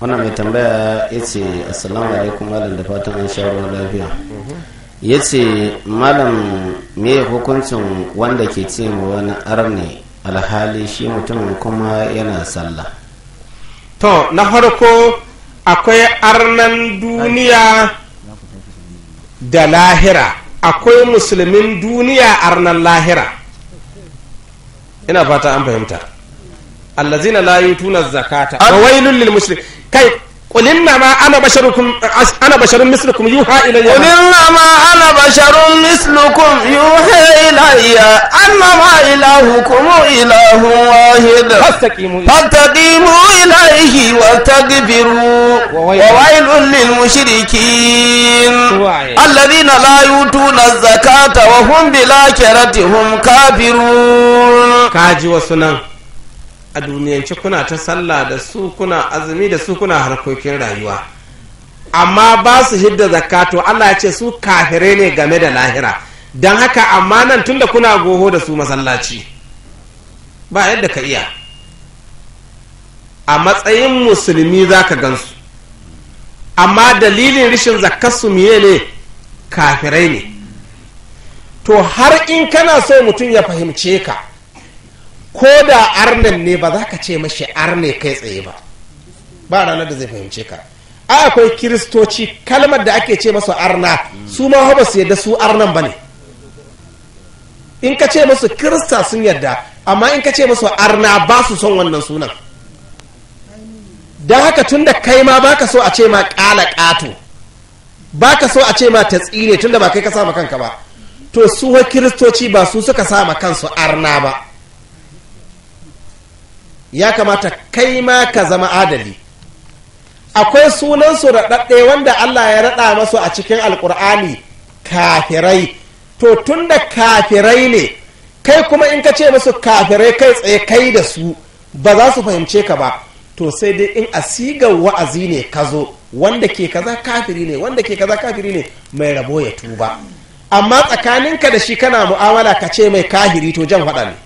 wana mai tambaya ya ce assalamu alaikum malam da fatan an sha ruwan lafiya ya ce malam me hukuncin wanda ke ce ma wani arni alhali shi mutumin kuma yana sallah to na farko akwai arnan duniya da lahira akwai musulmin duniya arnan lahira ina fata an fahimta allazina la yutuna zakata wa waylun lil mushrik kai ma ana basharukum ana basharun mislukum yuha ila qul ma ana basharun mislukum yuha ila anna ma ilahukum ilahu wahid fastaqimu fastaqimu ilayhi wa tagbiru wa waylun lil mushrikin allazina la yutuna zakata wa hum bil akhiratihim kafirun kaji wasunan a duniyance kuna ta sallah da su kuna azumi da su kuna harkokin rayuwa amma ba su hidda to Allah ya ce su kafirai ne game da lahira don haka amma nan tunda kuna goho da su masallaci ba yadda ka iya a matsayin musulmi za ka gansu amma dalilin rishin zakkarsu miye ne kafirai ne to har in kana so mutum ya fahimce ka ko da arnan ne ba za ka ce mashi arne kai tsaye ba ba ranar da zai fahimce ka a akwai kiristoci kalmar da ake ce masu arna su ma ba su yadda su arnan ba ne in ka ce masu kirista sun yadda amma in ka ce masu arna ba su son wannan sunan don haka tun da kai ma baka so a ce ma ƙala ƙato baka so a ce ma ta tsire tun da ba kai ka sama kanka ba to su kiristoci ba su suka sama kansu arna ba ya kamata kai ma ka zama adali akwai sunansu raɗaɗɗe wanda allah ya raɗa masu a cikin Alƙur'ani kafirai to tun da kafirai ne kai kuma in ka ce musu kafirai kai tsaye kai da su ba za su fahimce ka ba to sai dai in a sigar wa'azi ne ka zo wanda ke kaza kafiri ne wanda ke kaza kafiri ne mai rabo ya tuba amma tsakaninka da shi kana mu'amala ka ce mai kahiri to jan faɗa ne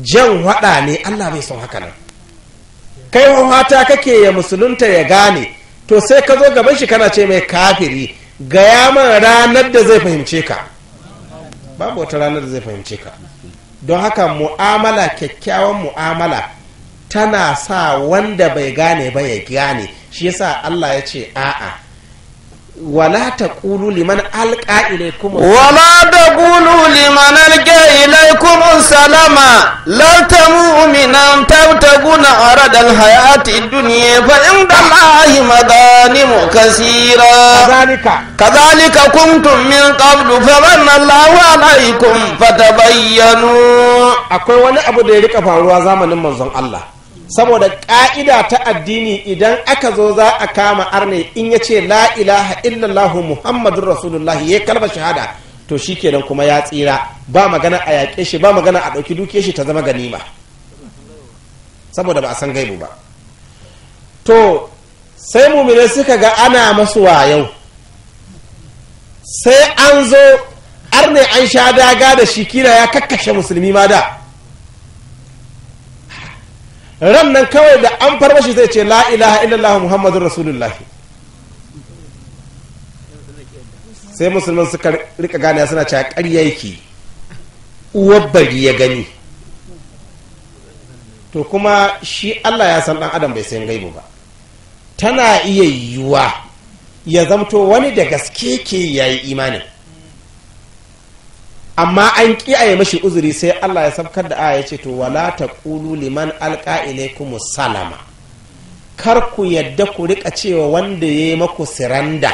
jan waɗa ne allah bai son haka nan kai wata kake ya musulunta ya gane to sai ka zo gaban shi kana ce mai kafiri ga yaman ranar da zai fahimce ka babu wata ranar da zai fahimce ka don haka mu'amala kyakkyawan mu'amala tana sa wanda bai gane ba ya gane shi yasa allah ya ce a'a ولا تقولوا لمن ألقى إليكم ولا تقولوا لمن ألقى إليكم السلام لست مؤمنا تبتغون عرض الحياة الدنيا فعند الله مغانم كثيرة كذلك كذلك كنتم من قبل فمن الله عليكم فتبينوا أقول وأنا أبو ديريك فاروا زمن من الله saboda ƙa'ida ta addini idan aka zo za a kama arne in ya ce la ilaha illallahu muhammadun rasulullah ya kalba shahada to shi kenan kuma ya tsira ba magana a yaƙe shi ba magana a ɗauki duke shi ta zama ganima saboda ba a san gaibu ba to sai mumine suka ga ana masu yau sai an zo arne an sha daga da shi kila ya kakkashe musulmi ma da ran nan kawai da an shi zai ce la ilaha illallah muhammadun rasulullah sai musulman suka rika gane suna cewa ƙarya yake uwar bari ya gani to kuma shi allah ya san dan adam bai sayan gaibu ba tana iya yiwuwa ya zamto wani da gaske ke yayi imanin amma an kiyaye mashi uzuri sai Allah ya sabkar da aya ce to wala ta ƙulu liman alqa ku salama kar ku yadda ku rika cewa wanda ya yi maku siranda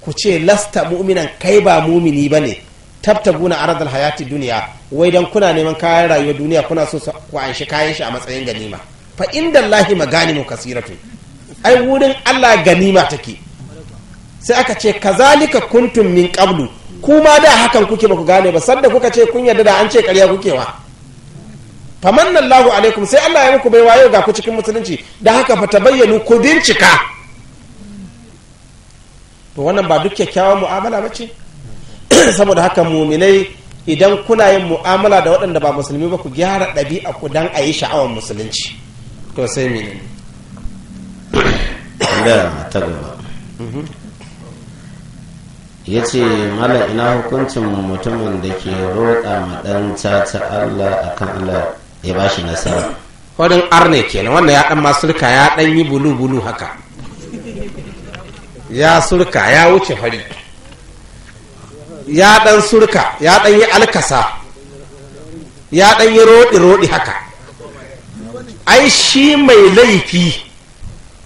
ku ce lasta mu'minan kai ba mumini bane tabtabuna aradal hayati duniya wai don kuna neman kayan rayuwar duniya kuna so ku anshi kayan shi a matsayin ganima fa inda lahi mu kasiratu ai wurin Allah ganima take sai aka ce kazalika kuntum min qablu kuma da hakan kuke ba ku gane ba sanda kuka ce kun yarda da an ce karya kuke wa famannan lahu alaikum sai Allah ya muku bai wayo ga ku cikin musulunci da haka fa tabayyanu ku bincika to wannan ba duk kyakkyawan mu'amala ba ce saboda haka muminai idan kuna yin mu'amala da waɗanda ba musulmi ba ku gyara ɗabi'a ku dan a yi sha'awar musulunci to sai menene ta gaba mhm. ya ce mala ina hukuncin mutumin da ke roƙa ma ta ta allah akan allah ya ba shi nasara farin arne kenan wannan ya ɗan masurka ya ɗan yi bulu bulu haka ya surka ya wuce fari ya ɗan surka ya ɗan yi alkasa ya ɗan yi roɗi roɗi haka ai shi mai laifi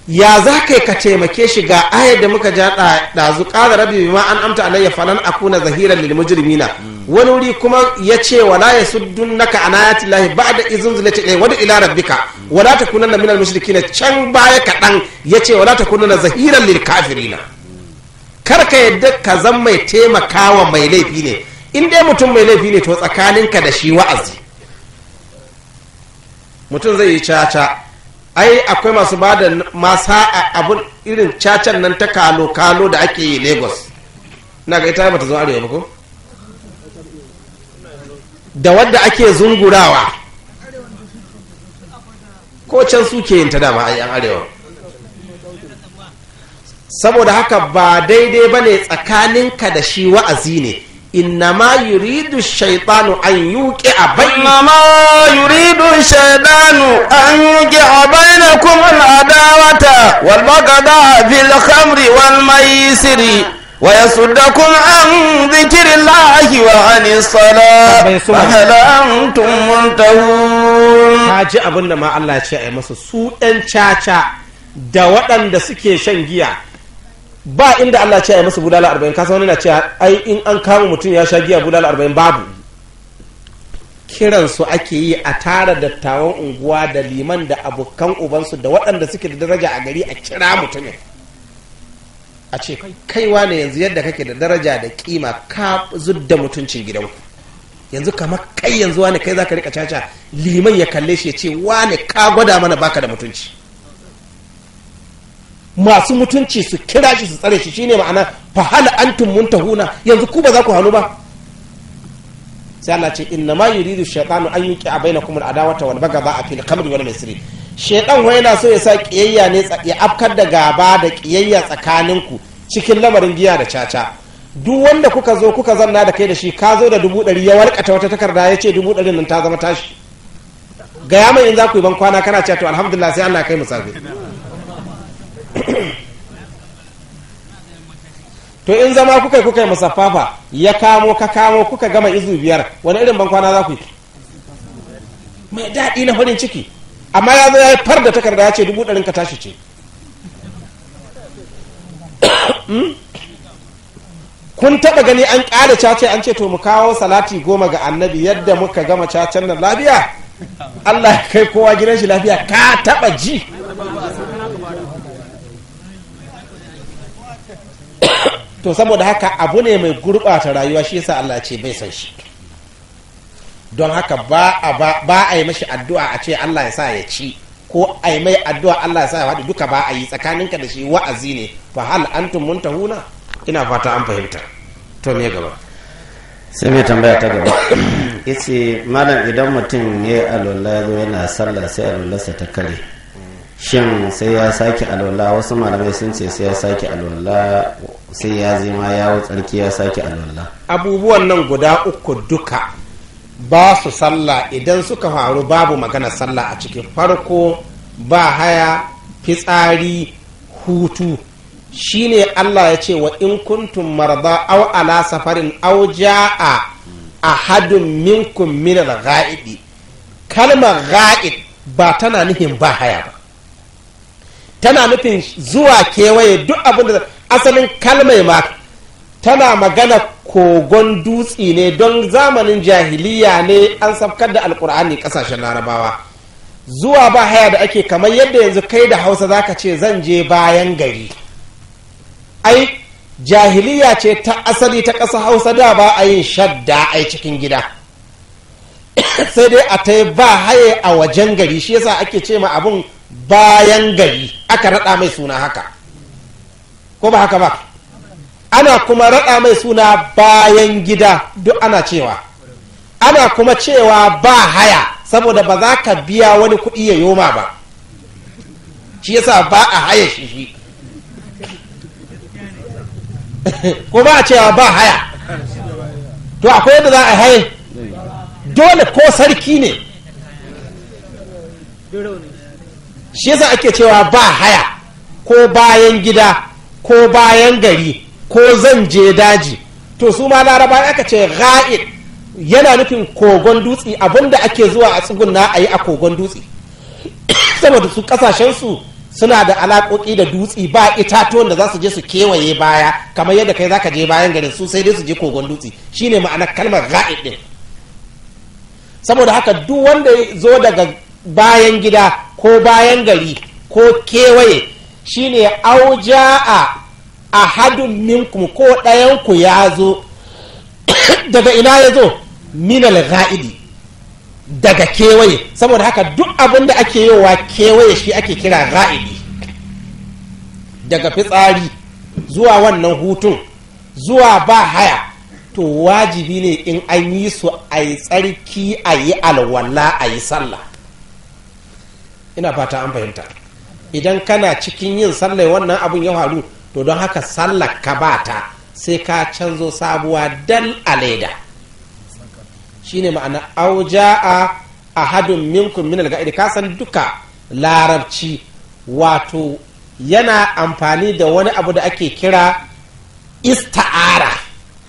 ya za kai ka taimake shi ga ayar da muka ja ɗazu ƙara rabi ma an amta ya falan kuna zahiran lil mujrimina wani wuri kuma ya ce wala ya suddun naka an ayati lahi ba'da izin zulati ilai wani ila rabbika wala minar minal na can baya kaɗan ya ce wala na zahiran lil kafirina kar ka yadda ka zan mai taimakawa mai laifi ne in dai mutum mai laifi ne to tsakaninka da shi wa'azi mutum zai yi caca ai akwai masu ba da masa a abun irin cacan nan ta kalo-kalo da ake yi lagos na ga ita bata zo arewa ba ko da wadda ake zungurawa ko can suke yin ta dama a yan arewa saboda haka ba daidai ba ne tsakaninka da shi wa'azi ne Innama yuridu shaitanu an yi wuƙe a bayan. Innama yuridu shaitanu an yi a bayan kuma al’adawata, walba ga da filhamri walma yi siri, wa su da kuma an zikirin la’ahi wa hannu sala, ba hala an tun munta abin da ma’alla ce a su ‘yan caca da waɗanda suke shan giya, ba inda Allah ce ya masa bulala arba'in kasa wani na ce ai in an kama mutum ya sha giya bulala arba'in babu kiransu ake yi a tara dattawan unguwa da liman da abokan ubansu da waɗanda suke da daraja a gari a kira mutumin a ce kaiwa ne yanzu yadda kake da daraja da kima ka zudda mutuncin gidanku yanzu kamar kai yanzu wani kai zaka rika caca liman ya kalle shi ya ce wani ka gwada mana baka da mutunci masu mutunci su kira shi su tsare shi shine ma'ana fa hal antum muntahuna yanzu ku ba za ku hannu ba sai Allah ce inna ma yuridu shaytanu an yuqi bainakum al-adawata wal baghdha fil khamri wal maisri shaytan wai yana so ya sa kiyayya ne ya afkar da gaba da kiyayya tsakaninku cikin lamarin giya da caca duk wanda kuka zo kuka zanna da kai da shi ka zo da dubu ɗari ya walƙata wata takarda ya ce dubu ɗarin nan ta zama tashi gaya mai in za ku yi ban kwana kana cewa to alhamdulillah sai Allah kai mu safe to in zama kuka kuka yi musaffafa ya kamo ka kamo kuka gama izu biyar wani irin bankwana za ku yi mai daɗi na farin ciki amma ya zo ya yi far da takarda ya ce dubu ɗarin ka tashi ce hmm? kun taɓa gani an ƙara cace an ce to mu kawo salati goma ga annabi yadda muka gama cacen nan lafiya Allah ya kai kowa gidan shi lafiya ka taɓa ji to saboda haka abu ne mai gurɓata rayuwa shi yasa Allah ce bai san shi don haka ba a yi mashi addu'a a ce Allah ya sa ya ci ko a yi mai addu'a Allah ya sa ya faɗi duka ba a yi tsakaninka da shi wa'azi ne fa hal antum muntahuna ina fata an fahimta to me gaba sai mai tambaya ta gaba yace malam idan mutum ya yi alwala yana sallah sai alwalarsa ta kare shin sai ya sake alwala wasu malamai sun ce sai ya sake alwala sai ya zima yawo tsarki ya sake alwala abubuwan nan guda uku duka ba su sallah idan suka faru babu magana sallah a cikin farko ba haya fitsari hutu shine Allah ya ce wa in kuntum marda aw ala safarin aw jaa ahadun minkum min al kalmar ra'id ba tana nihin ba haya ba tana nufin zuwa kewaye duk abin da asalin kalmai ma tana magana kogon dutsi ne don zamanin jahiliya ne an safkar da alkur'ani kasashen larabawa zuwa ba haya da ake kamar yadda yanzu kai da hausa zaka ce zan je bayan gari ai jahiliya ce ta asali ta ƙasa hausa da ba a yin shadda ai cikin gida sai dai a ta ba haye a wajen gari shi yasa ake ce ma abun bayan gari aka raɗa mai suna haka ko ba haka ba ana kuma raɗa mai suna bayan gida duk ana cewa ana kuma cewa ba haya saboda ba za ka biya wani kuɗi ya yoma ba shi yasa ba a haya shi shi ko ba a cewa ba haya to akwai yadda za a haya dole ko sarki ne shi yasa ake cewa ba haya ko bayan gida ko bayan gari ko zan je daji to su ma laraba aka ce ra'id yana nufin kogon dutse abinda ake zuwa a tsuguna a yi a kogon dutse saboda su kasashensu suna da alaƙoƙi da dutse ba itatuwan da za su je su kewaye baya kamar yadda kai zaka je bayan garin su sai dai su je kogon dutse shine ma'anar kalmar ra'id din saboda haka duk wanda ya zo daga bayan gida ko bayan gari ko kewaye shine auja a hadun minkum ko ɗayanku ya zo daga ina ya zo minal ga'idi daga kewaye saboda haka duk abin da ake yowa kewaye shi ake kira ra'idi. daga fitsari zuwa wannan hutun zuwa ba haya to wajibi ne in an yi su a yi tsarki a yi alwala a yi sallah ina fata an fahimta idan kana cikin yin sallar wannan abun ya faru to don haka sallar ka bata sai ka canzo sabuwa dal a leda shine ma'ana auja'a ahadun minkum min al-ga'id ka san duka larabci wato yana amfani da wani abu da ake kira ista'ara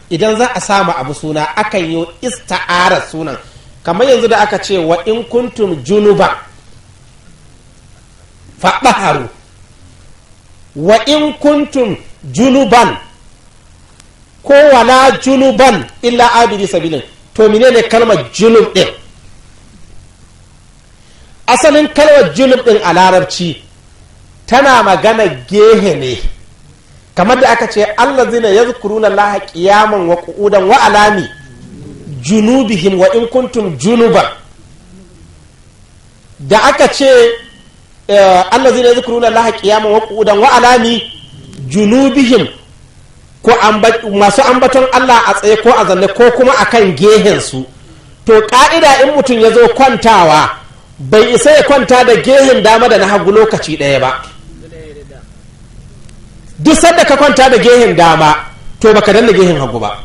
idan za a sama abu suna akan yi ista'ara sunan kamar yanzu da aka ce wa in kuntum junuba faɗaharu wa in juluban junuban ko wala junuban illa abidi sabilin to menene kalmar junub ɗin asalin kalmar junub ɗin a larabci tana magana gehe ne kamar da aka ce allah zina ya na laha ƙiyaman wa ƙudan wa alami junubihim wa in kuntun junuban da aka ce Allah eh, zai allazina yadhkuruna allaha kiyama wa qu'udan wa alami junubihim ko masu ambaton Allah a tsaye ko a zanne ko kuma a gehen su to ka'ida in mutum ya zo kwantawa bai isa ya kwanta da gehen dama da na hagu lokaci ɗaya ba duk sanda ka kwanta da gehen dama to baka danna gehen hagu ba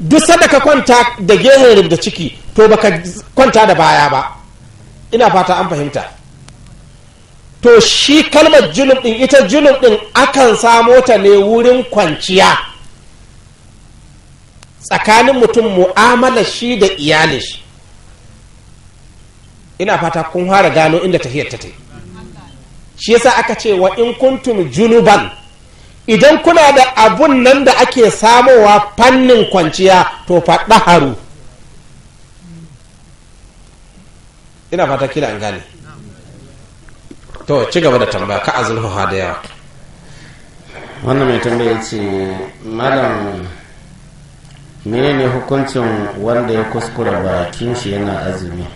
duk sanda ka kwanta da gehen rubda ciki to baka kwanta da baya ba ina fata an fahimta to shi kalmar julub din ita julub din akan samo ta ne wurin kwanciya tsakanin mutum mu'amala shi da iyalin shi ina fata kun fara gano inda tafiyar ta tai shi yasa aka ce wa in kuntum junuban idan kuna da abun nan da ake samowa fannin kwanciya to faɗa haru ina fata kila an gane to ci gaba da tambaya ka azulhuha da yawa wannan mai tambaya ce malam ne hukuncin wanda ya kuskure bakin shi yana azumi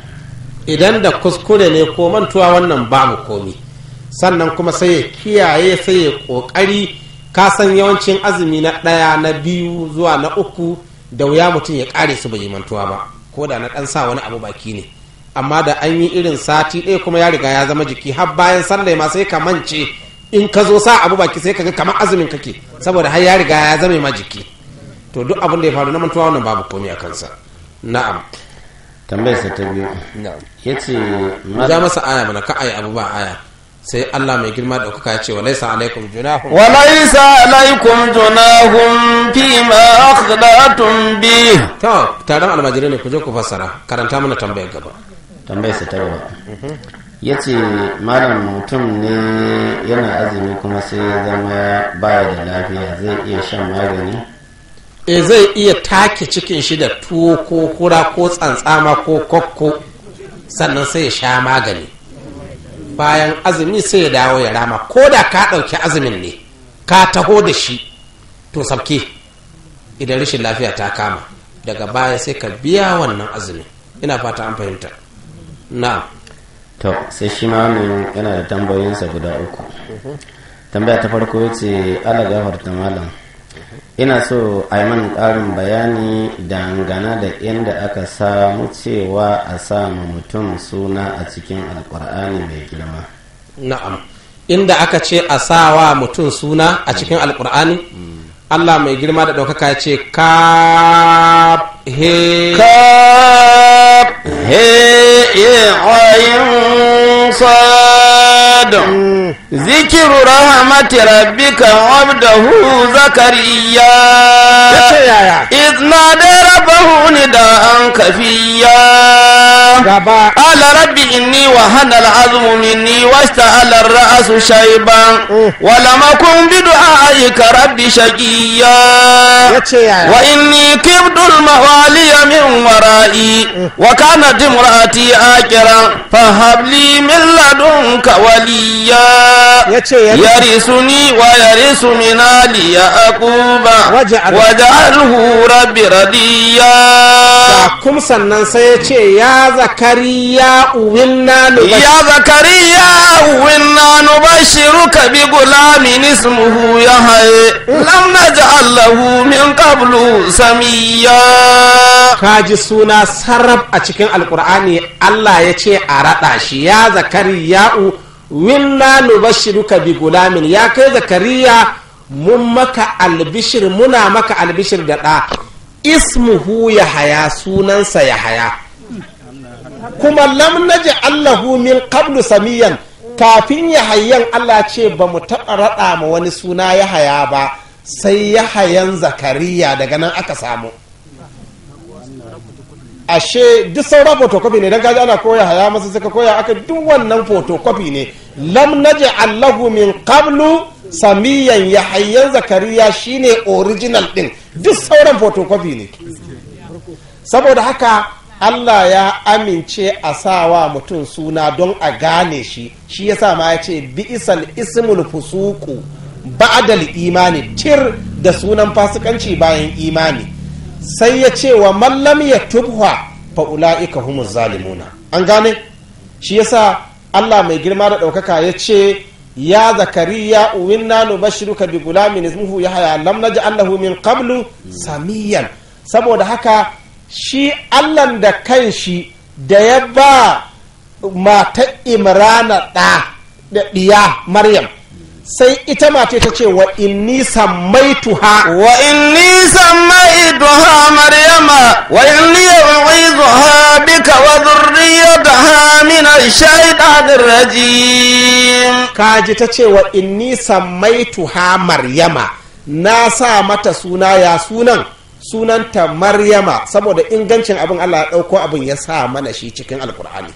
idan da kuskure ne ko mantuwa wannan babu komi sannan kuma sai ya kiyaye sai ya kokari ka san yawancin azumi na ɗaya na biyu zuwa na uku da wuya mutum ya kare su bai yi mantuwa ba ko da na ɗan sa wani abu baki ne amma da an yi irin sati ɗaya kuma ya riga ya zama jiki har bayan sallah ma sai ka mance in ka zo sa abu baki sai ka ga kamar azumin kake saboda har ya riga ya zama ma jiki to duk abin da ya faru na mantuwa wannan babu komai a kansa na'am tambayar sa ta biyu ya ce ja masa aya mana ka ayi abu ba aya sai Allah mai girma da kuka ya ce wa laisa alaikum junahum wa laisa alaikum junahum fi ma akhdatum bi to taron almajirai ne ku je ku fassara karanta mana tambayar gaba sa ta gaba ya malam mutum ne yana azumi kuma sai ya zama baya da lafiya zai iya shan magani e zai iya take cikin shi da tuwo ko kura ko tsantsama ko kokko sannan sai ya sha magani bayan azumi sai ya dawo ya rama ko da ka ɗauki azumin ne ka taho da shi to sabke idan rashin lafiya ta kama daga baya sai ka biya wannan azumin ina fata an fahimta na to sai shi ma yana da tambayoyinsa guda uku tambaya ta farko ya ce ala gafarta malam ina so a yi man ƙarin bayani dangane da inda aka samu cewa a samu mutum suna a cikin alkur'ani mai girma na'am inda aka ce a sawa mutum suna a cikin alkur'ani allah mai girma da ɗaukaka ce ka ka হে এ আইন সাদ zikiru rahmati rabbika abdahu zakariya yace yaya idna da rabbahu nidaan kafiya gaba ala rabbi inni wa hana al'azmu minni wasta'ala ar-ra'su shayban mm. wa lam akun bi du'aika rabbi shaqiya yace wa inni kibdu al-mawaliya min wara'i mm. wa kanat imraati akira fa min ladunka waliya يرثني ويرث من آل يعقوب واجعله ربي رضيا كم sannan sai ya ce ya zakariya uwinna ya zakariya uwinna nubashiruka bi gulamin ismuhu yahya lam naj'al lahu min qablu samiya kaji suna sarraf a cikin alkur'ani Allah ya ce a raɗa shi ya zakariya'u winna nubashiruka bi gulamin ya kai zakariya mun maka albishir muna maka albishir da ɗa ismuhu ya haya sunansa ya haya kuma lam naji allahu min qablu samiyan kafin ya hayyan allah ce ba mu taɓa raɗa ma wani suna ya haya ba sai ya hayan zakariya daga nan aka samu ashe duk sauran photocopy ne don gaji ana koya haya masu suka koya aka duk wannan photocopy ne lam naji allahu min qablu samiyan yahayyan zakariya shine original din duk sauran photocopy ne saboda haka Allah ya amince a sa wa mutum suna don a gane shi shi ya sa ma ya ce bi'isal ismul fusuku ba'dal imani tir da sunan fasikanci bayan imani sai ya ce wa mallam ya tubha fa ula'ika humuz zalimuna an gane shi yasa Allah mai girma da ɗaukaka ya ce ya Zakari zakariya uwinna nubashiruka bi gulamin ismuhu haya lam ji allah min qablu samiyan saboda haka shi Allahn da kanshi da ya ba mata imrana ɗa da ɗiya maryam sai ita mace ta ce wa inni sammaituha wa inni sammaituha maryama wa inni zuha bika wa dhurriyyataha min ash-shaytanir rajim kaji ta ce wa inni sammaituha maryama na sa mata suna ya sunan sunanta maryama saboda ingancin abin Allah ya dauko abin ya sa mana shi cikin alkur'ani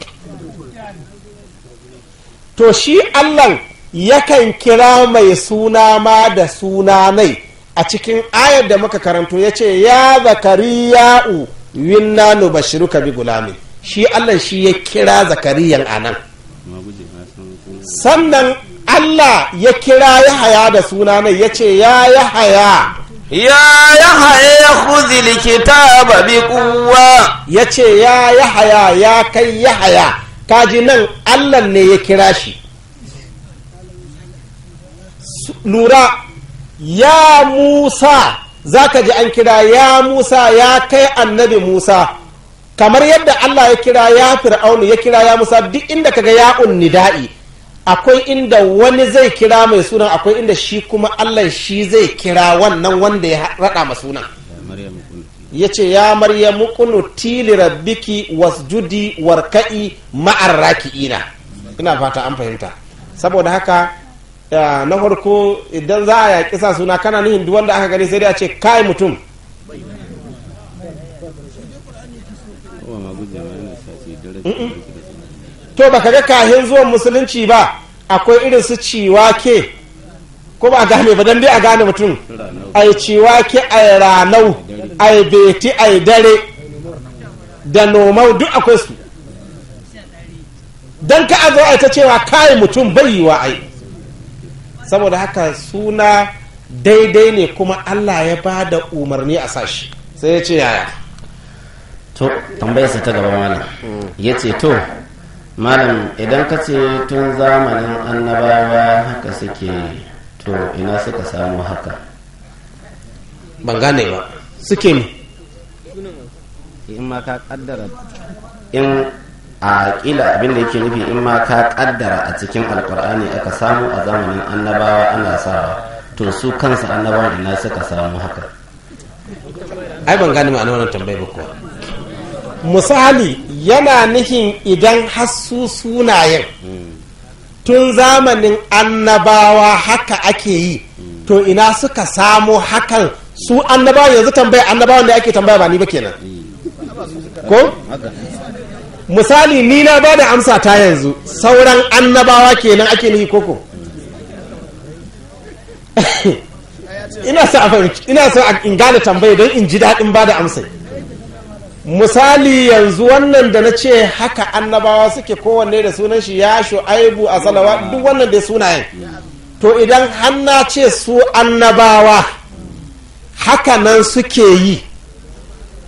to shi Allah yakan kira mai suna ma da suna nai a cikin ayar da muka karanto ya ce ya zakariya'u winna nu bashiruka bi gulamin shi allah shi ya kira zakariyan anan sannan allah ya kira yahaya da suna nai ya ce ya yahaya ya haya ya kuzi likitaba bi kuwa ya ce ya yahaya ya kai yahaya kaji nan allah ne ya kira shi lura ya musa za ka ji an kira ya musa ya kai annabi musa kamar yadda allah ya kira ya fir'aunu ya kira ya musa duk inda ka kaga unni nida'i akwai inda wani zai kira mai sunan akwai inda shi kuma allah shi zai kira wannan wanda ya raɗa ma sunan ya ce ya maryamu mukunu tili rabbiki wasjudi warka'i ma'ar ina fata an fahimta saboda haka na farko idan za a yaƙi sa suna kana ni duk wanda aka gani sai dai a ce kai mutum to baka ga kahin zuwan musulunci ba akwai irin su ciwake ko ba a gane ba don dai a gane mutum ai ciwake ai ranau ai beti ai dare da nomau duk akwai su don ka a zo a ta cewa kai mutum bai yi wa ai saboda haka suna daidai ne kuma allah ya ba da umarni a sashi sai ya ce yaya to tambayarsa ta gaba malam ya ce to malam idan ka ce tun zamanin annabawa haka suke to ina suka samu haka ban gane ba suke ne in ma ka kaddara in a kila abin da yake nufi in ma ka kaddara a cikin alkur'ani aka samu a zamanin annabawa ana sawa to su kansa annabawa ina suka samu haka ai ban gani ma'ana wannan tambayar ba kuwa misali yana nihin idan hassu sunayen tun zamanin annabawa haka ake yi to ina suka samu hakan su annabawa yanzu tambaya annabawan da ake tambaya ba ni ba kenan ko misali ni na ba da amsa ta yanzu sauran annabawa kenan ake nihi koko ina sa in gane tambaye don in ji daɗin ba da amsa misali yanzu wannan da na ce haka annabawa suke kowanne da sunan shi ya shu'aibu a salawa duk wannan da sunayen to idan hanna ce su annabawa haka nan suke yi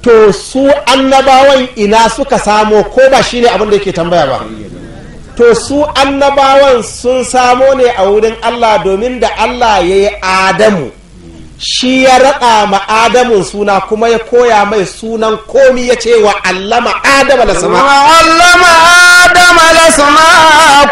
to su annabawan ina suka samo ko ba shine abin da yake tambaya ba to su annabawan sun samo ne a wurin Allah domin da Allah ya yi Adamu shi ya raƙa ma adamun suna kuma ya koya mai sunan komi ya ce wa allama adama da sama allama adama da sama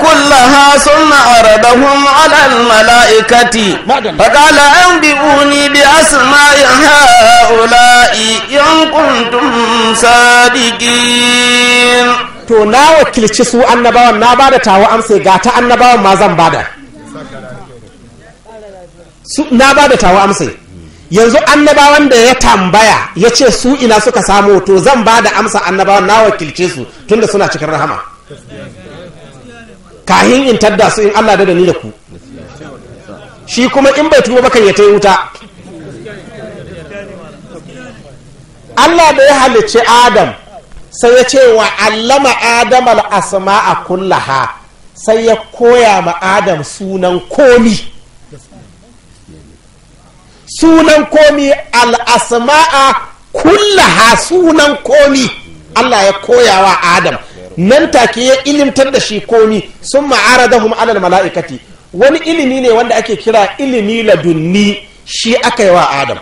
kullaha sunna aradahum ala almalaikati faqala anbiuni bi asma'i haula'i yan kuntum sadiqin to na wakilci su annabawan na ba da tawo amsa ga ta annabawan ma zan ba da na ba da tawo amsa. yanzu annabawan da ya tambaya ya ce su ina suka samu to zan ba da amsa annabawan na wakilce su tunda suna cikin rahama kahin in tadda su in allah da ni da ku shi kuma in bai tuba bakan ya ta wuta allah da ya halicci adam sai ya ce wa allama adam asma'a kullaha sai ya koya ma adam sunan komi sunan komi al'asma'a kullaha sunan komi Allah ya koyawa Adam nan take ya ilimtar da shi komi sun ma'ara da alal mala'ikati wani ilimi ne wanda ake kira ilimi ladunni shi aka yi wa Adam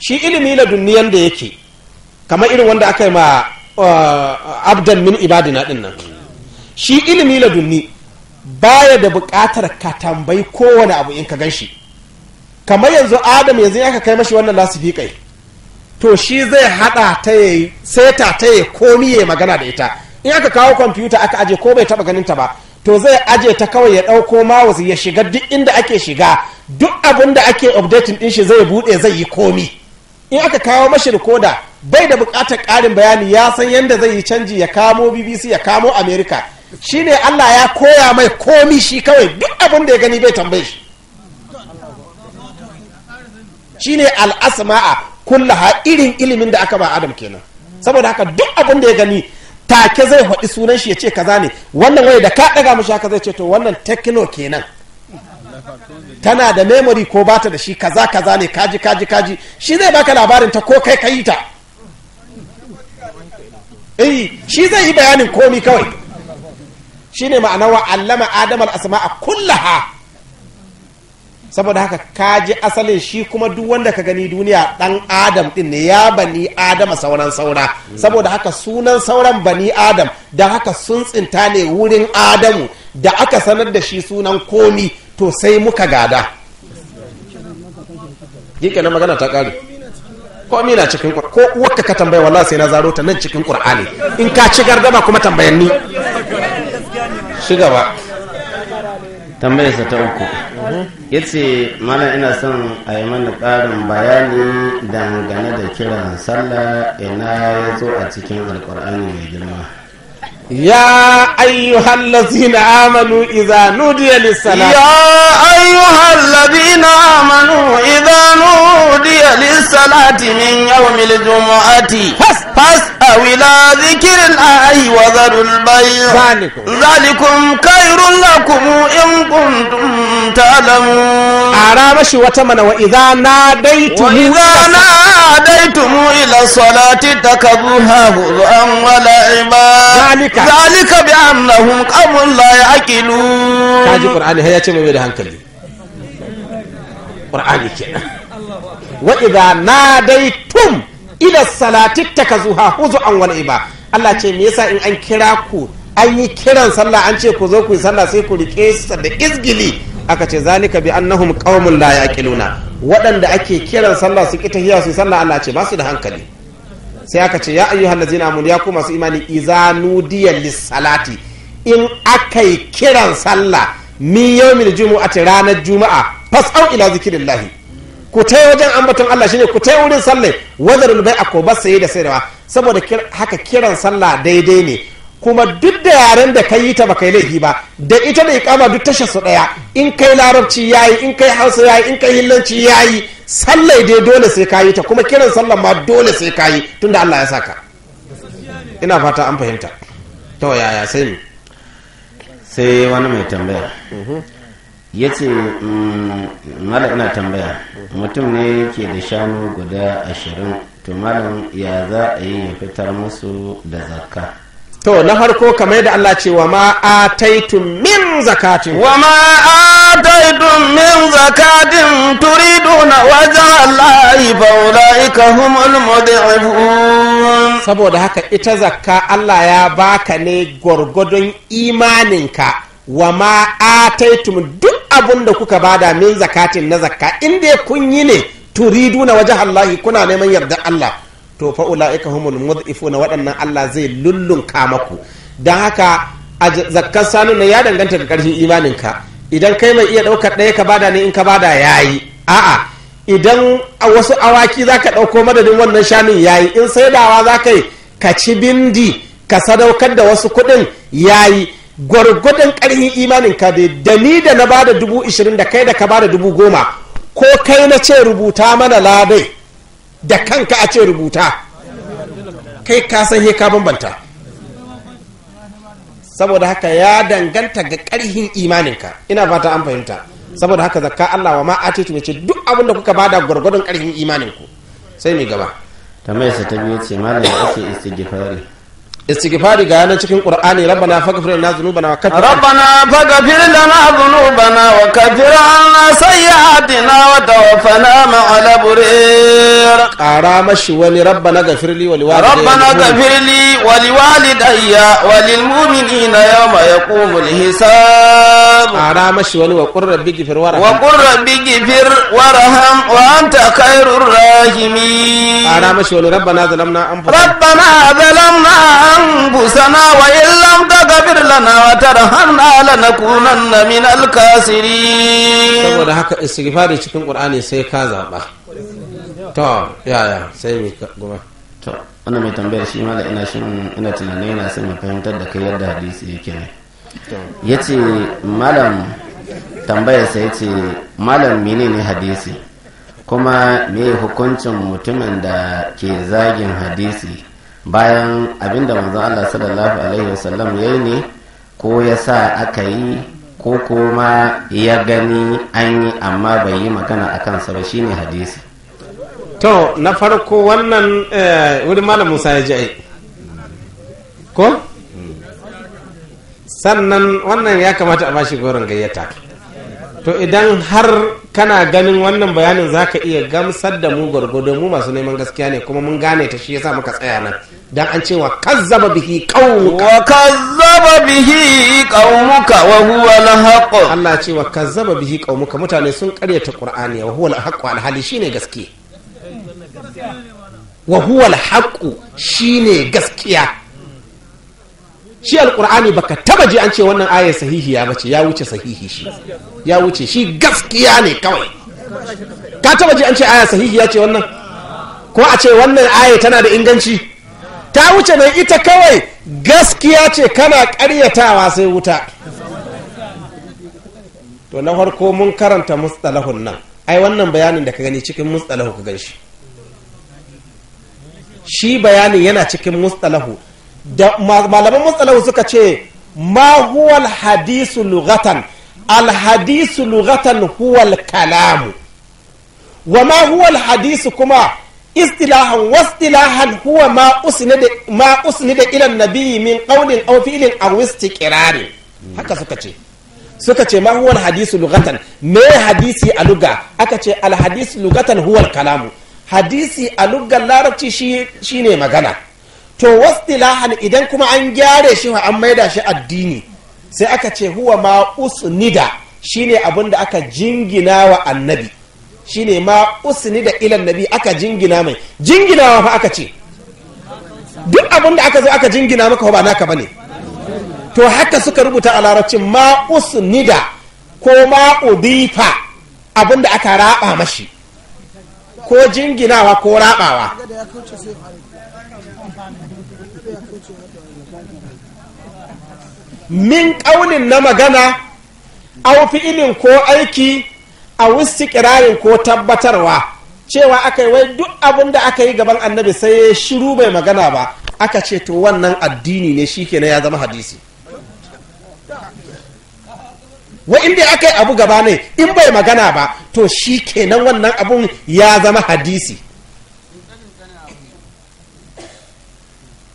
shi ilimi ladunni yanda yake kamar irin wanda aka yi ma uh, abdan min ibadina din nan shi ilimi ladunni baya da bukatar ka tambayi kowane abu in ka gan shi kamar yanzu adam yanzu aka kai mashi wannan lasifikai to shi zai haɗa ta ya seta ta ya komi ya magana da ita in aka kawo kwamfuta aka aje ko bai taba ganin ta ba to zai aje ta kawai ya dauko mouse ya shiga duk inda ake shiga duk abin da ake updating din shi zai buɗe zai yi komi in aka kawo mashi rikoda bai da bukatar karin bayani ya san yadda zai yi canji ya kamo bbc ya kamo america shine allah ya koya mai komi shi kawai duk abin da ya gani bai tambaye shi shine al'asma'a kullaha irin ilimin da aka ba adam kenan saboda haka duk abin da ya gani take zai faɗi sunan shi ya ce kaza ne wannan waye da ka ɗaga mu haka zai ce to wannan tekno kenan tana da memory ko bata da shi kaza kaza ne kaji kaji kaji shi zai baka labarin ta ko kai kayi ta eh shi zai yi bayanin komi kawai shine ma'ana wa allama adam al asma'a kullaha saboda haka ka ji asalin shi kuma duk wanda ka gani duniya dan adam din ne ya bani adam sauran saura saboda haka sunan sauran bani adam da haka sun tsinta ne wurin adamu da aka sanar da shi sunan komi to sai muka gada yake na magana ta kare komi na cikin ko uwarka ka tambaya wala sai na zaro ta nan cikin kur'ani in ka ci gardama kuma tambayanni gaba. tambayarsa ta uku ya ce mana ina son a yi mana tsarin bayani dangane da kiran sallah ina ya zo a cikin alƙur'ani mai girma ya ayyuhan lazina amanu iza nudiya lissala ya ayyuhan lazina amanu iza nudiya lissala min yau mil jumu'ati fas فاسأو إلى ذكر الله وذروا البيع ذلكم خير لكم إن كنتم تعلمون أرامش وتمنى وإذا ناديتم وإذا ناديتم إلى الصلاة تكبوها هزءا ولعبا ذلك ذلك بأنهم قوم لا يعقلون هذا القرآن هي تمام يدهن كلي قرآن كنا وإذا ناديتم ila salati takazuha an wal iba Allah ce me yasa in an kira ku an yi kiran sallah an ce ku zo ku yi sallah sai ku rike su da izgili aka ce zalika bi annahum qaumun la yaqiluna waɗanda ake kiran sallah su kita hiya su sallah Allah ce ba su da hankali sai aka ce ya ayyuhan ladzina amanu ya ku masu imani iza nudiya lis salati in akai kiran sallah min yawmil jumu'ati ranar juma'a fas'au ila zikrillah ku yi wajen ambaton Allah shine ku yi wurin sallai wazarul bai a kobar saye da sayarwa saboda haka kiran sallah daidai ne kuma duk da yaren da ka yi ta baka yi laifi ba da ita da ikama duk tashar su daya in kai larabci ya yi in kai hausa ya yi in kai hillanci ya yi sallai dai dole sai ka yi ta kuma kiran sallah ma dole sai ka yi tunda Allah ya saka ina fata an fahimta to yaya sai sai wani mai tambaya mhm. ya ce mm, mara ina tambaya mutum ne ke da shanu guda ashirin to malam ya za a yi ya fitar musu da zakka to na harko kamar da Allah ce wa ma min zakatin wa ma min zakatin turiduna wajen Allah fa humul mud'ifun saboda haka ita zakka Allah ya baka ne gwargwadon imaninka wa ma duk abun da kuka bada min zakatin na zakka in dai kun yi ne na wajen allahi kuna neman yardar Allah to fa ulaika humul na waɗannan Allah zai lullunka maku don haka a zakkan sanu na ya danganta ga ƙarfin imaninka idan kai mai iya ɗaukar ɗaya ka bada ne in ka bada yayi a'a idan a wasu awaki za ka ɗauko madadin wannan shanun yayi in saidawa za ka yi ka ci bindi ka sadaukar da wasu kuɗin yayi gwargwadon ƙarfin imanin ka dai da ni da na bada dubu ishirin da kai da ka bada dubu goma ko kai na ce rubuta mana ladai da kanka a ce rubuta kai ka san he ka bambanta saboda haka ya danganta ga ƙarfin imaninka ina fata an fahimta saboda haka zakka Allah wa ma atitu ce duk abin da kuka bada gwargwadon ƙarfin imaninku sai mai gaba mai sa ta biyu ce malam ake istighfari istighfari ga yanan cikin qur'ani rabbana faghfir lana dhunubana wa kaffir rabbana faghfir lana dhunubana wa kaffir anna sayyi'atina wa tawaffana ma'al abrir qara mashi wani rabbana ghafir li wa liwalidayya rabbana ghafir li wa liwalidayya wa lil mu'minina yawma yaqumul hisab qara mashi wani wa qur rabbi ghfir wa wa qur rabbi ghfir warham wa anta khairur rahimin qara mashi wani rabbana zalamna anfusana rabbana zalamna أنفسنا وإن لم تغفر لنا وترحمنا لنكونن من الكاسرين saboda haka istighfari cikin Qur'ani sai ka zaba to mai tambayar shi ma ina shi ina tunanin yana son fahimtar da kai yadda hadisi yake ne yace malam tambayar sa yace malam menene hadisi kuma me hukuncin mutumin da ke zagin hadisi bayan abinda manzo Allah sallallahu alaihi wasallam yayi ne ko ya sa aka yi ko kuma ya gani an yi amma bai yi magana a kansa ba shine hadisi to na farko wannan eh, wuri malam Musa ya ji ko sannan wannan ya kamata a bashi goron gayyata to idan har kana ganin wannan bayanin za ka iya gamsar da mu gwargwado mu masu neman gaskiya ne kuma mun gane ta shi yasa muka tsaya nan dan an cewa kazzaba bihi qaumuka wa kazzaba bihi qaumuka wa huwa al Allah cewa kazzaba bihi qaumuka mutane sun karyata qur'ani wa huwa al-haq alhali shine gaskiya wa huwa al shine gaskiya shi alkur'ani baka taba ji an ce wannan aya sahihiya bace ya wuce sahihi shi ya wuce shi gaskiya ne kawai ka taba ji an ce aya sahihiya ce wannan ko a ce wannan aya tana da inganci ta wuce ne ita kawai gaskiya ce kana karyatawa sai wuta to na farko mun karanta mustalahun nan ai wannan bayanin da ka gani cikin mustalahu ka gan shi shi bayanin yana cikin mustalahu da malaman matsalau suka ce ma huwal hadisu lugatan alhadisu lugatan huwal kalamu wa ma huwal hadisu kuma istilahan wastilahan huwa ma usnida ma usnida ila nabiyyi min qawlin aw fi'lin aw kirari haka suka ce suka ce ma huwal hadisu lugatan me hadisi a luga aka ce alhadisu lugatan huwal kalamu hadisi a lugar larabci shine magana to wastilahan idan kuma an gyare shi wa an maida shi addini sai aka ce huwa ma usnida shine abin da aka jingina wa annabi shine ma usnida ilan nabi aka jingina mai jinginawa fa aka ce duk abin da aka zo aka jingina maka ba naka bane to haka suka rubuta a larabcin ma usnida ko ma udifa abin da aka raba mashi ko jinginawa ko rabawa min ƙaunin na magana au fi'ilin ko aiki a wusti kirarin ko tabbatarwa cewa aka yi wai duk abin da aka yi gaban annabi sai ya shiru bai magana ba aka ce to wannan addini ne shi na ya zama hadisi wa inda aka yi abu gaba ne in bai magana ba to shi kenan wannan abun ya zama hadisi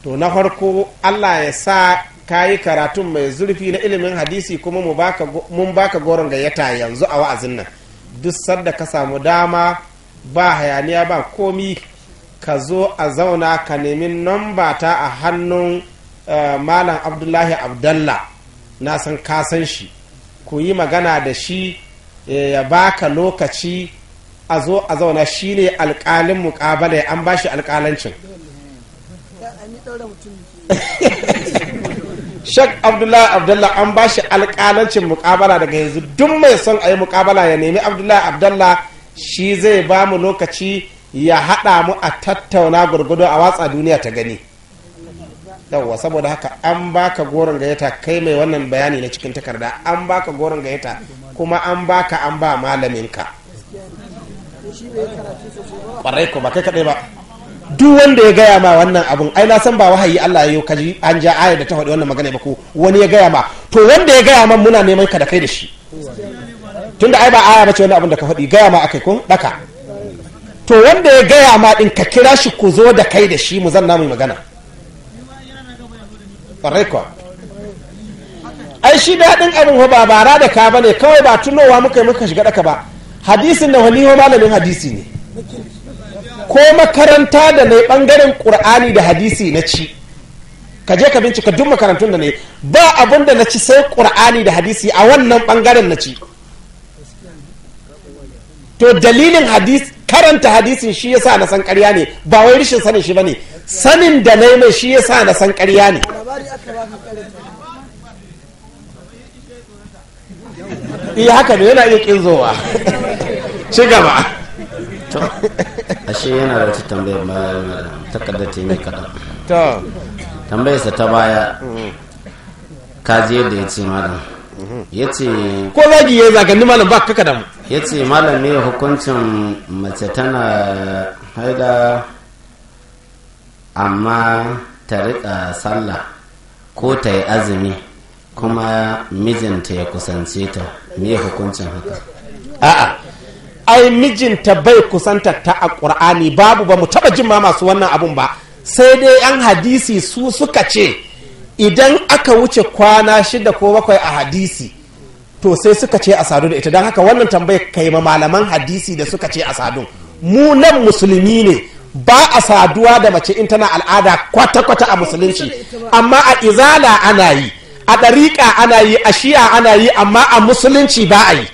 to na farko allah ya sa ka yi karatun mai zurfi na ilimin hadisi kuma mun baka goron gayyata yanzu a wa'azin nan duk sadda ka samu dama ba hayaniya ba komi ka zo a zauna ka nemi nomba ta a hannun eh, malam abdullahi abdalla na san ka san shi ku yi magana da shi eh, ya baka lokaci a zo a zauna shi ne alƙalin muƙabala an ba shi alƙalancin shek abdullahi Abdullahi an ba shi alƙalancin mukabala daga yanzu duk mai son a yi mukabala ya nemi abdullahi Abdullahi shi zai ba mu lokaci ya haɗa mu a tattauna gurgudu a watsa duniya ta gani yawwa saboda haka an baka goron gayyata kai mai wannan bayani na cikin takarda an baka goron gayyata kuma an baka an ba malaminka ƙwarai ko ba kai kaɗai ba duk wanda ya gaya ma wannan abun ai na san ba wahayi Allah ya yi kaji an ja aya da ta faɗi wannan magana ba ko wani ya gaya ma to wanda ya gaya man muna neman ka da kai da shi tunda ai ba aya bace wani abun da ka faɗi gaya ma akai kun daka to wanda ya gaya ma din ka kira shi ku zo da kai da shi mu zanna mu magana rekwa ai shi daɗin abin ba bara da ka bane kawai ba tunowa muka yi muka shiga daka ba hadisin da wani malamin hadisi ne ko makaranta da na ɓangaren ƙur'ani da hadisi na ci ka je ka bincika duk makarantun da na ba abin da na ci sai ƙur'ani da hadisi a wannan ɓangaren na ci to dalilin hadis karanta hadisin shi yasa na san ƙarya ne ba wai rishin sanin shi bane sanin da na mai shi yasa na san ƙarya ne iya eh, haka ne yana iya ƙin zowa ci gaba to ashe yana da wata tambayar ma takarda ce mai kaɗan to sa ta baya mm. ka ji yadda ya ce malam mm-hmm. ya ce ko zagi ya zaganni malam ba ka kaɗan ya ce malam ne hukuncin mace tana haida amma ta riƙa sallah ko ta yi azumi kuma mijinta ya kusance ta ne hukuncin haka a'a ai mijinta bai kusanta ta a ƙur'ani babu ba mu taɓa jin ma masu wannan abun ba sai dai yan hadisi su suka ce idan aka wuce kwana shida ko bakwai a hadisi to sai suka ce a sadu da ita don haka wannan tambayar kai ma malaman hadisi da suka ce a sadu mu nan musulmi ne ba a saduwa da mace in tana al'ada kwata-kwata a musulunci amma a izala ana yi a ɗariƙa ana yi a shi'a ana yi amma a musulunci ba a yi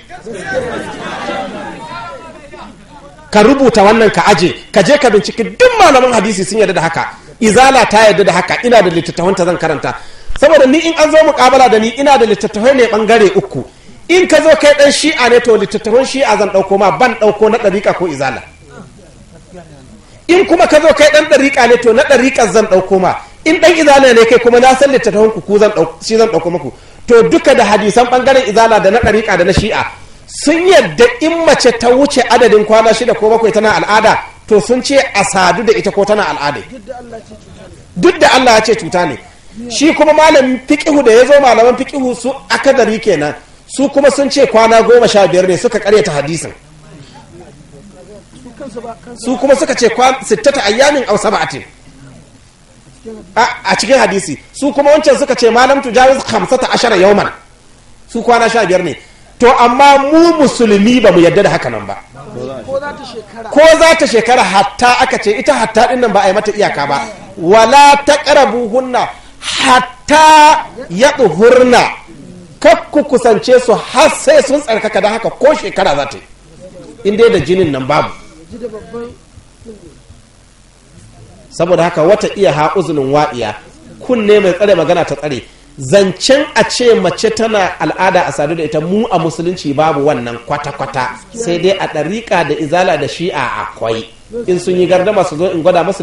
ka rubuta wannan ka aje ka je ka binciki duk malaman hadisi sun yarda da haka izala ta yarda da haka ina da littattafan ta zan karanta saboda ni in an zo muƙabala da ni ina da littattafai ne bangare uku in ka zo kai dan shi'a ne to littattafan shi'a zan ɗauko ma ban ɗauko na ɗariƙa ko izala in kuma ka zo kai dan ɗariƙa ne to na ɗariƙa zan ɗauko ma in dan izala ne kai kuma na san littattafan ku zan dauko shi zan ɗauko muku to duka da hadisan bangaren izala da na ɗariƙa da na shi'a sun yadda in mace ta wuce adadin kwana shida ko bakwai tana al'ada to sun ce a sadu da ita ko tana al'ada duk da Allah ya ce cuta ne shi kuma malamin fiqihu da ya zo malaman fiqihu su akadari kenan su kuma sun ce kwana goma sha biyar ne suka karyata hadisin su kuma suka ce sittata ayyamin aw sab'atin a cikin hadisi su kuma wancan suka ce malam tujawiz khamsata ashara yawman su kwana sha biyar ne to amma mu musulmi ba mu yadda da haka nan ba ko za ta shekara hatta aka ce ita hatta din nan ba a yi mata iyaka ba wala ta karabu hunna hatta ya yadhurna ku kusance su har sai sun tsarkaka don haka ko shekara za ta yi in dai da jinin nan babu saboda haka wata iya ha uzunin wa'iya kunne mai tsare magana ta tsare zancen a ce mace tana al'ada a sadu da ita mu a musulunci babu wannan kwata-kwata sai dai a ɗariƙa da izala da shi'a akwai in sun yi gardama su zo in gwada masu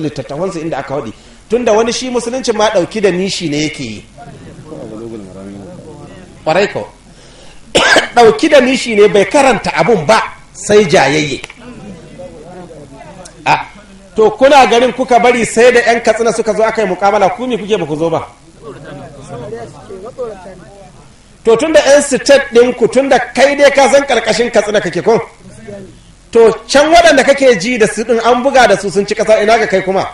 su inda aka haɗi tunda wani shi musulunci ma ɗauki da nishi ne yake yi ɗauki da nishi ne bai karanta abun ba sai jayayye ah, to kuna garin kuka bari sai da 'yan katsina suka zo aka yi mukamala ku me kuke ba ku zo ba to tunda yan state ɗinku tunda kai dai ka san karkashin katsina kake kun to can waɗanda kake ji da su ɗin an buga da su sun ci ƙasa ina ga kai kuma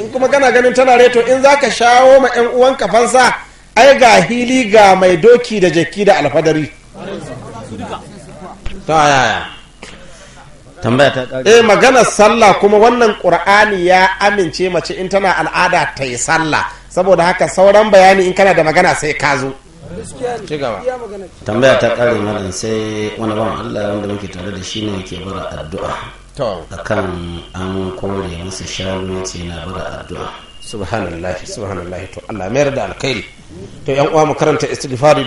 in kuma gana ganin tana reto in za ka shawo ma 'yan uwanka fansa ai ga hili ga mai doki da jeki da alfadari ta yaya tambaya ta kare eh magana sallah kuma wannan qur'ani ya amince mace in tana al'ada ta yi sallah saboda haka sauran bayani in kana da magana sai ka zo tambaya ta ƙare malam sai wani ban Allah wanda muke tare da shi ne ke bara addu'a akan an kore masa shanu ce na bara addu'a subhanallah subhanallah to Allah mayar da alkhairi to yan uwa mu karanta istighfari